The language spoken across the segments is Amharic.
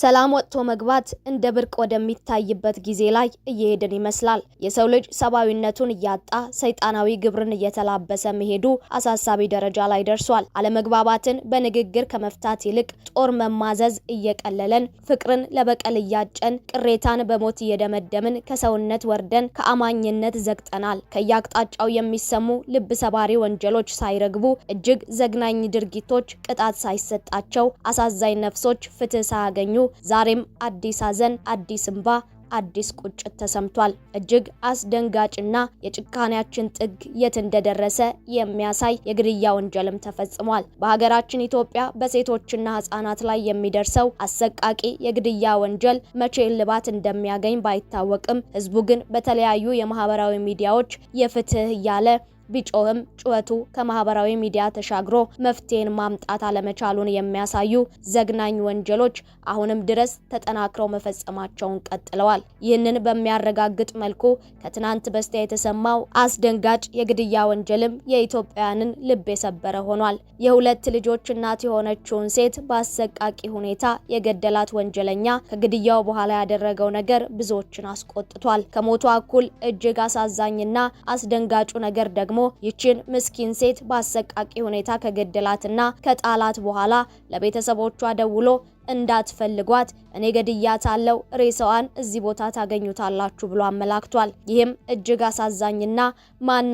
ሰላም ወጥቶ መግባት እንደ ብርቅ ወደሚታይበት ጊዜ ላይ እየሄድን ይመስላል። የሰው ልጅ ሰብአዊነቱን እያጣ ሰይጣናዊ ግብርን እየተላበሰ መሄዱ አሳሳቢ ደረጃ ላይ ደርሷል። አለመግባባትን በንግግር ከመፍታት ይልቅ ጦር መማዘዝ እየቀለለን፣ ፍቅርን ለበቀል እያጨን፣ ቅሬታን በሞት እየደመደምን ከሰውነት ወርደን ከአማኝነት ዘግጠናል። ከየአቅጣጫው የሚሰሙ ልብ ሰባሪ ወንጀሎች ሳይረግቡ፣ እጅግ ዘግናኝ ድርጊቶች ቅጣት ሳይሰጣቸው፣ አሳዛኝ ነፍሶች ፍትህ ሳያገኙ ዛሬም አዲስ ሐዘን፣ አዲስ እንባ አዲስ ቁጭት ተሰምቷል። እጅግ አስደንጋጭና የጭካኔያችን ጥግ የት እንደደረሰ የሚያሳይ የግድያ ወንጀልም ተፈጽሟል። በሀገራችን ኢትዮጵያ በሴቶችና ሕጻናት ላይ የሚደርሰው አሰቃቂ የግድያ ወንጀል መቼ እልባት እንደሚያገኝ ባይታወቅም ሕዝቡ ግን በተለያዩ የማህበራዊ ሚዲያዎች የፍትህ እያለ ቢጮህም ጩኸቱ ከማህበራዊ ሚዲያ ተሻግሮ መፍትሄን ማምጣት አለመቻሉን የሚያሳዩ ዘግናኝ ወንጀሎች አሁንም ድረስ ተጠናክረው መፈጸማቸውን ቀጥለዋል። ይህንን በሚያረጋግጥ መልኩ ከትናንት በስቲያ የተሰማው አስደንጋጭ የግድያ ወንጀልም የኢትዮጵያውያንን ልብ የሰበረ ሆኗል። የሁለት ልጆች እናት የሆነችውን ሴት በአሰቃቂ ሁኔታ የገደላት ወንጀለኛ ከግድያው በኋላ ያደረገው ነገር ብዙዎችን አስቆጥቷል። ከሞቷ እኩል እጅግ አሳዛኝና አስደንጋጩ ነገር ደግሞ ደግሞ ይችን ምስኪን ሴት በአሰቃቂ ሁኔታ ከገደላትና ከጣላት በኋላ ለቤተሰቦቿ ደውሎ እንዳትፈልጓት እኔ ገድያታለሁ፣ ሬሳዋን እዚህ ቦታ ታገኙታላችሁ ብሎ አመላክቷል። ይህም እጅግ አሳዛኝና ማን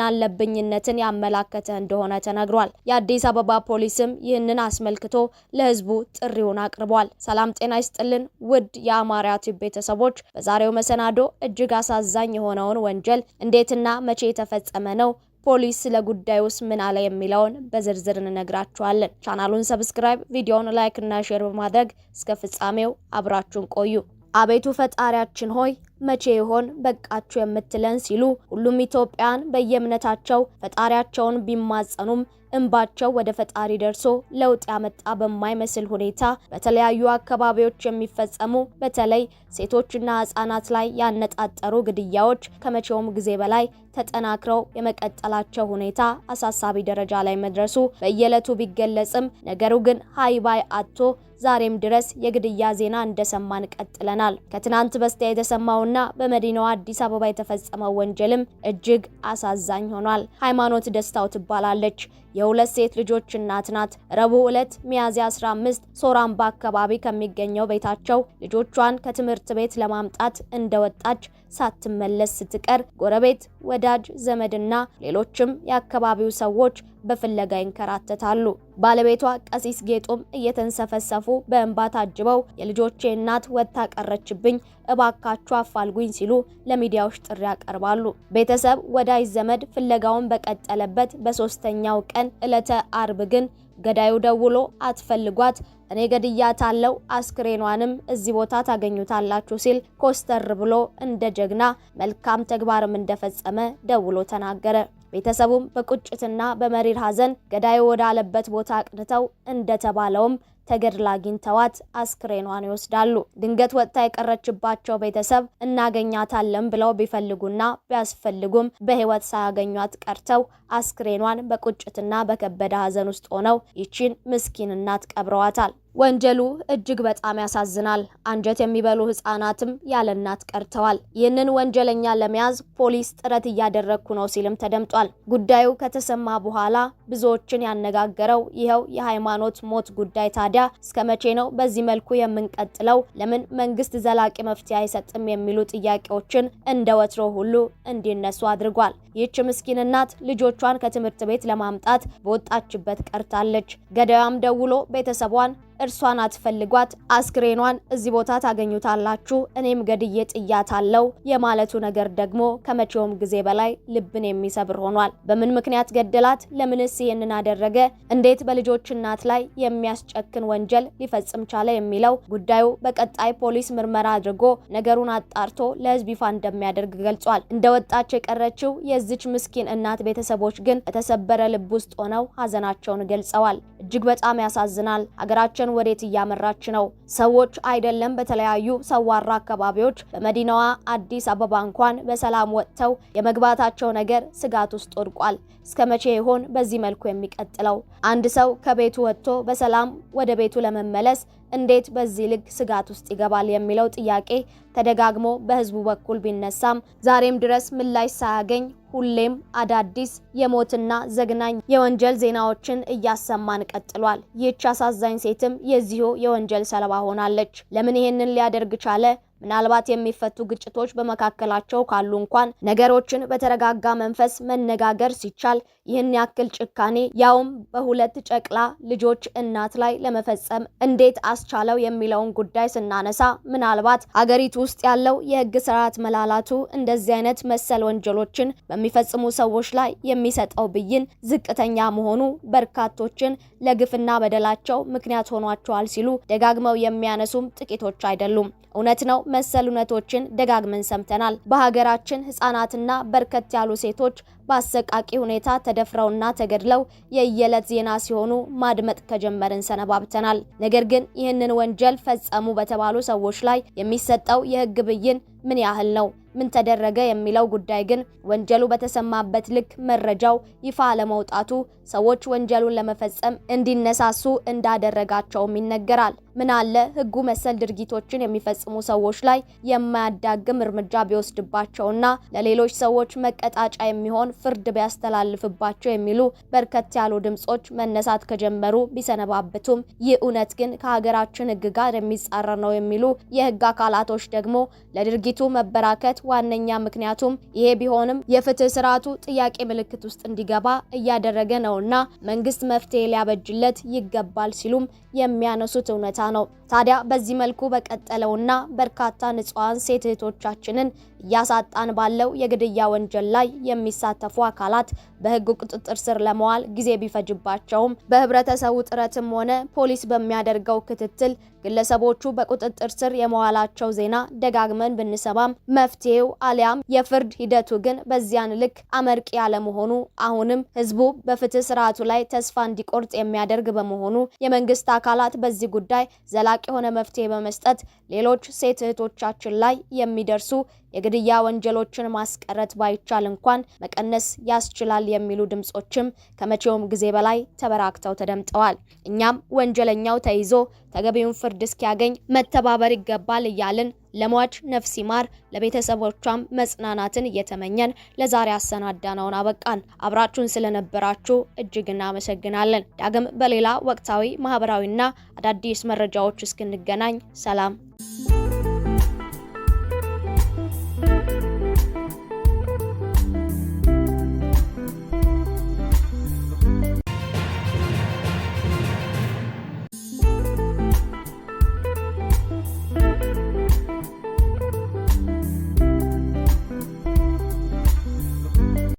ያመላከተ እንደሆነ ተነግሯል። የአዲስ አበባ ፖሊስም ይህንን አስመልክቶ ለሕዝቡ ጥሪውን አቅርቧል። ሰላም ጤና ይስጥልን ውድ የአማርያ ቲዩብ ቤተሰቦች፣ በዛሬው መሰናዶ እጅግ አሳዛኝ የሆነውን ወንጀል እንዴትና መቼ የተፈጸመ ነው ፖሊስ ስለ ጉዳዩ ውስጥ ምን አለ የሚለውን በዝርዝር እንነግራችኋለን። ቻናሉን ሰብስክራይብ፣ ቪዲዮውን ላይክ እና ሼር በማድረግ እስከ ፍጻሜው አብራችሁን ቆዩ። አቤቱ ፈጣሪያችን ሆይ መቼ ይሆን በቃችሁ የምትለን ሲሉ ሁሉም ኢትዮጵያን በየእምነታቸው ፈጣሪያቸውን ቢማጸኑም እንባቸው ወደ ፈጣሪ ደርሶ ለውጥ ያመጣ በማይመስል ሁኔታ በተለያዩ አካባቢዎች የሚፈጸሙ በተለይ ሴቶችና ህጻናት ላይ ያነጣጠሩ ግድያዎች ከመቼውም ጊዜ በላይ ተጠናክረው የመቀጠላቸው ሁኔታ አሳሳቢ ደረጃ ላይ መድረሱ በየዕለቱ ቢገለጽም ነገሩ ግን ሀይ ባይ አቶ ዛሬም ድረስ የግድያ ዜና እንደሰማን ቀጥለናል። ከትናንት በስቲያ የተሰማውና በመዲናዋ አዲስ አበባ የተፈጸመው ወንጀልም እጅግ አሳዛኝ ሆኗል። ሃይማኖት ደስታው ትባላለች። የሁለት ሴት ልጆች እናት ናት። ረቡዕ ዕለት ሚያዝያ 15 ሶራምባ አካባቢ ከሚገኘው ቤታቸው ልጆቿን ከትምህርት ቤት ለማምጣት እንደወጣች ሳትመለስ ስትቀር ጎረቤት፣ ወዳጅ ዘመድና ሌሎችም የአካባቢው ሰዎች በፍለጋ ይንከራተታሉ። ባለቤቷ ቀሲስ ጌጡም እየተንሰፈሰፉ በእንባ ታጅበው የልጆቼ እናት ወጥታ ቀረችብኝ፣ እባካችሁ አፋልጉኝ ሲሉ ለሚዲያዎች ጥሪ ያቀርባሉ። ቤተሰብ፣ ወዳጅ ዘመድ ፍለጋውን በቀጠለበት በሶስተኛው ቀን ዕለተ አርብ ግን ገዳዩ ደውሎ አትፈልጓት፣ እኔ ገድያታለሁ፣ አስክሬኗንም እዚህ ቦታ ታገኙታላችሁ ሲል ኮስተር ብሎ እንደ ጀግና መልካም ተግባርም እንደፈጸመ ደውሎ ተናገረ። ቤተሰቡም በቁጭትና በመሪር ሐዘን ገዳዩ ወዳለበት ቦታ አቅንተው እንደተባለውም ተገድላ አግኝተዋት አስክሬኗን ይወስዳሉ። ድንገት ወጥታ የቀረችባቸው ቤተሰብ እናገኛታለን ብለው ቢፈልጉና ቢያስፈልጉም በህይወት ሳያገኟት ቀርተው አስክሬኗን በቁጭትና በከበደ ሀዘን ውስጥ ሆነው ይቺን ምስኪን እናት ቀብረዋታል። ወንጀሉ እጅግ በጣም ያሳዝናል። አንጀት የሚበሉ ህጻናትም ያለ እናት ቀርተዋል። ይህንን ወንጀለኛ ለመያዝ ፖሊስ ጥረት እያደረግኩ ነው ሲልም ተደምጧል። ጉዳዩ ከተሰማ በኋላ ብዙዎችን ያነጋገረው ይኸው የሃይማኖት ሞት ጉዳይ ታዲያ እስከ መቼ ነው በዚህ መልኩ የምንቀጥለው? ለምን መንግስት ዘላቂ መፍትሄ አይሰጥም? የሚሉ ጥያቄዎችን እንደ ወትሮ ሁሉ እንዲነሱ አድርጓል። ይህች ምስኪን እናት ልጆቿን ከትምህርት ቤት ለማምጣት በወጣችበት ቀርታለች። ገዳዩም ደውሎ ቤተሰቧን እርሷን አትፈልጓት፣ አስክሬኗን እዚህ ቦታ ታገኙታላችሁ፣ እኔም ገድዬ ጥያታለሁ የማለቱ ነገር ደግሞ ከመቼውም ጊዜ በላይ ልብን የሚሰብር ሆኗል። በምን ምክንያት ገደላት? ለምንስ ይህንን አደረገ? እንዴት በልጆች እናት ላይ የሚያስጨክን ወንጀል ሊፈጽም ቻለ? የሚለው ጉዳዩ በቀጣይ ፖሊስ ምርመራ አድርጎ ነገሩን አጣርቶ ለሕዝብ ይፋ እንደሚያደርግ ገልጿል። እንደወጣች የቀረችው የዚች ምስኪን እናት ቤተሰቦች ግን በተሰበረ ልብ ውስጥ ሆነው ሀዘናቸውን ገልጸዋል። እጅግ በጣም ያሳዝናል። ሀገራችን ወዴት እያመራች ነው? ሰዎች አይደለም በተለያዩ ሰዋራ አካባቢዎች በመዲናዋ አዲስ አበባ እንኳን በሰላም ወጥተው የመግባታቸው ነገር ስጋት ውስጥ ወድቋል። እስከ መቼ ይሆን በዚህ መልኩ የሚቀጥለው? አንድ ሰው ከቤቱ ወጥቶ በሰላም ወደ ቤቱ ለመመለስ እንዴት በዚህ ልክ ስጋት ውስጥ ይገባል የሚለው ጥያቄ ተደጋግሞ በህዝቡ በኩል ቢነሳም ዛሬም ድረስ ምላሽ ሳያገኝ ሁሌም አዳዲስ የሞትና ዘግናኝ የወንጀል ዜናዎችን እያሰማን ቀጥሏል። ይህች አሳዛኝ ሴትም የዚሁ የወንጀል ሰለባ ሆናለች። ለምን ይሄንን ሊያደርግ ቻለ? ምናልባት የሚፈቱ ግጭቶች በመካከላቸው ካሉ እንኳን ነገሮችን በተረጋጋ መንፈስ መነጋገር ሲቻል ይህን ያክል ጭካኔ ያውም በሁለት ጨቅላ ልጆች እናት ላይ ለመፈጸም እንዴት አስቻለው የሚለውን ጉዳይ ስናነሳ ምናልባት አገሪቱ ውስጥ ያለው የሕግ ስርዓት መላላቱ እንደዚህ አይነት መሰል ወንጀሎችን በሚፈጽሙ ሰዎች ላይ የሚሰጠው ብይን ዝቅተኛ መሆኑ በርካቶችን ለግፍና በደላቸው ምክንያት ሆኗቸዋል ሲሉ ደጋግመው የሚያነሱም ጥቂቶች አይደሉም። እውነት ነው። መሰል እውነቶችን ደጋግመን ሰምተናል። በሀገራችን ህጻናትና በርከት ያሉ ሴቶች በአሰቃቂ ሁኔታ ተደፍረውና ተገድለው የየዕለት ዜና ሲሆኑ ማድመጥ ከጀመርን ሰነባብተናል። ነገር ግን ይህንን ወንጀል ፈጸሙ በተባሉ ሰዎች ላይ የሚሰጠው የህግ ብይን ምን ያህል ነው? ምን ተደረገ የሚለው ጉዳይ ግን ወንጀሉ በተሰማበት ልክ መረጃው ይፋ ለመውጣቱ ሰዎች ወንጀሉን ለመፈጸም እንዲነሳሱ እንዳደረጋቸውም ይነገራል። ምን አለ ሕጉ መሰል ድርጊቶችን የሚፈጽሙ ሰዎች ላይ የማያዳግም እርምጃ ቢወስድባቸውና ለሌሎች ሰዎች መቀጣጫ የሚሆን ፍርድ ቢያስተላልፍባቸው የሚሉ በርከት ያሉ ድምጾች መነሳት ከጀመሩ ቢሰነባብቱም ይህ እውነት ግን ከሀገራችን ህግ ጋር የሚጻረር ነው የሚሉ የህግ አካላቶች ደግሞ ለድርጊቱ መበራከት ዋነኛ ምክንያቱም ይሄ ቢሆንም የፍትህ ስርዓቱ ጥያቄ ምልክት ውስጥ እንዲገባ እያደረገ ነውና መንግስት መፍትሄ ሊያበጅለት ይገባል ሲሉም የሚያነሱት እውነታ ነው። ታዲያ በዚህ መልኩ በቀጠለውና በርካታ ንጹሃን ሴት እህቶቻችንን እያሳጣን ባለው የግድያ ወንጀል ላይ የሚሳተፉ አካላት በህግ ቁጥጥር ስር ለመዋል ጊዜ ቢፈጅባቸውም በህብረተሰቡ ጥረትም ሆነ ፖሊስ በሚያደርገው ክትትል ግለሰቦቹ በቁጥጥር ስር የመዋላቸው ዜና ደጋግመን ብንሰማም መፍትሄው አሊያም የፍርድ ሂደቱ ግን በዚያን ልክ አመርቂ ያለመሆኑ አሁንም ህዝቡ በፍትህ ስርዓቱ ላይ ተስፋ እንዲቆርጥ የሚያደርግ በመሆኑ የመንግስት አካላት በዚህ ጉዳይ ዘላ ዘላቂ የሆነ መፍትሄ በመስጠት ሌሎች ሴት እህቶቻችን ላይ የሚደርሱ የግድያ ወንጀሎችን ማስቀረት ባይቻል እንኳን መቀነስ ያስችላል የሚሉ ድምጾችም ከመቼውም ጊዜ በላይ ተበራክተው ተደምጠዋል። እኛም ወንጀለኛው ተይዞ ተገቢውን ፍርድ እስኪያገኝ መተባበር ይገባል እያልን ለሟች ነፍስ ይማር ለቤተሰቦቿም መጽናናትን እየተመኘን ለዛሬ አሰናዳነውን አበቃን። አብራችሁን ስለነበራችሁ እጅግ እናመሰግናለን። ዳግም በሌላ ወቅታዊ ማህበራዊና አዳዲስ መረጃዎች እስክንገናኝ ሰላም